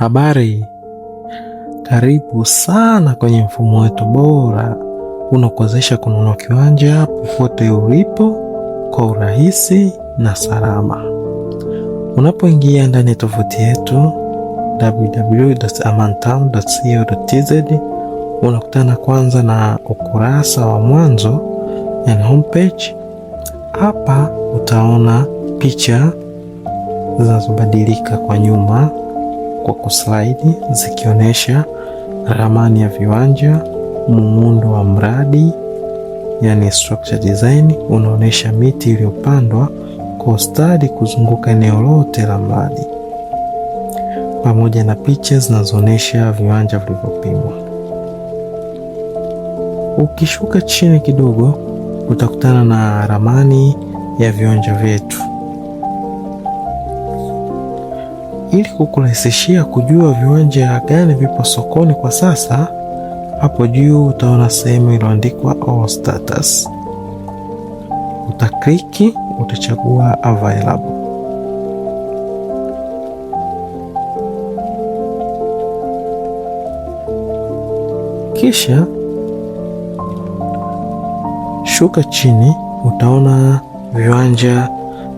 Habari, karibu sana kwenye mfumo wetu bora unakuwezesha kununua kiwanja popote ulipo kwa urahisi na salama. Unapoingia ndani ya tovuti yetu www.amantown.co.tz unakutana kwanza na ukurasa wa mwanzo yani homepage. Hapa utaona picha zinazobadilika kwa nyuma kwa kuslaidi zikionyesha ramani ya viwanja, muundo wa mradi yani structure design unaonyesha miti iliyopandwa kwa ustadi kuzunguka eneo lote la mradi, pamoja na picha zinazoonyesha viwanja vilivyopimwa. Ukishuka chini kidogo utakutana na ramani ya viwanja vyetu. Ili kukurahisishia kujua viwanja gani vipo sokoni kwa sasa, hapo juu utaona sehemu iliyoandikwa all status. Utakliki, utachagua available. Kisha shuka chini, utaona viwanja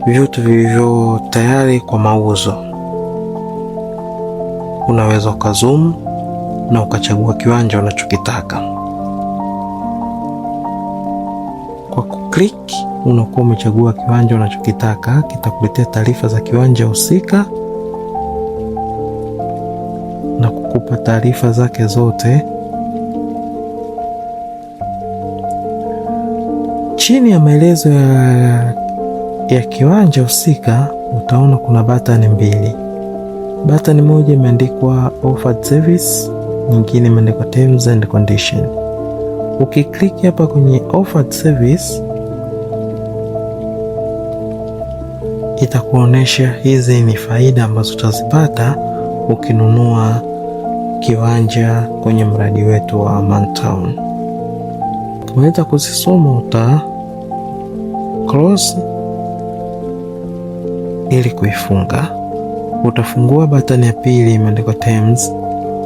vyote vilivyo tayari kwa mauzo unaweza ukazoom na ukachagua kiwanja unachokitaka. Kwa kuklik, unakuwa umechagua kiwanja unachokitaka, kitakuletea taarifa za kiwanja husika na kukupa taarifa zake zote. Chini ya maelezo ya, ya kiwanja husika utaona kuna batani mbili. Batani moja imeandikwa offered service, nyingine imeandikwa terms and condition. Ukiklik hapa kwenye offered service itakuonesha hizi ni faida ambazo utazipata ukinunua kiwanja kwenye mradi wetu wa Aman Town. kuzisoma uta close ili kuifunga. Utafungua batani ya pili imeandikwa terms.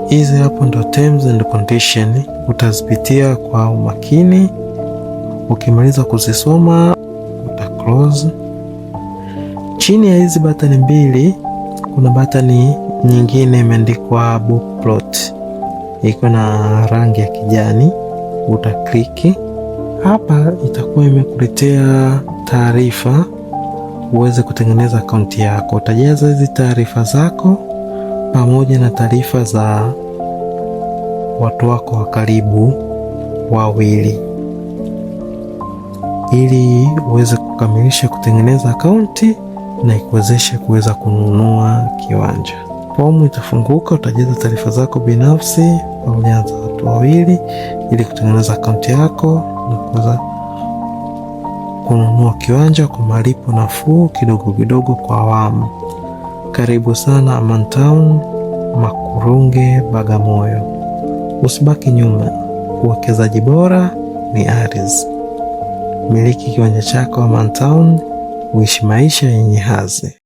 Hizi hapo ndo terms and condition, utazipitia kwa umakini. Ukimaliza kuzisoma uta close. Chini ya hizi batani mbili kuna batani nyingine imeandikwa book plot, iko na rangi ya kijani, utakliki hapa, itakuwa imekuletea taarifa uweze kutengeneza akaunti yako. Utajaza hizi taarifa zako pamoja na taarifa za watu wako wa karibu wawili, ili uweze kukamilisha kutengeneza akaunti na ikuwezeshe kuweza kununua kiwanja. Fomu itafunguka, utajaza taarifa zako binafsi pamoja na watu wawili, ili kutengeneza akaunti yako na kuweza kununua kiwanja kwa malipo nafuu kidogo kidogo kwa awamu. Karibu sana Amantown, Makurunge, Bagamoyo. Usibaki nyuma, uwekezaji bora ni aris Miliki kiwanja chako Amantown, uishi maisha yenye hazi.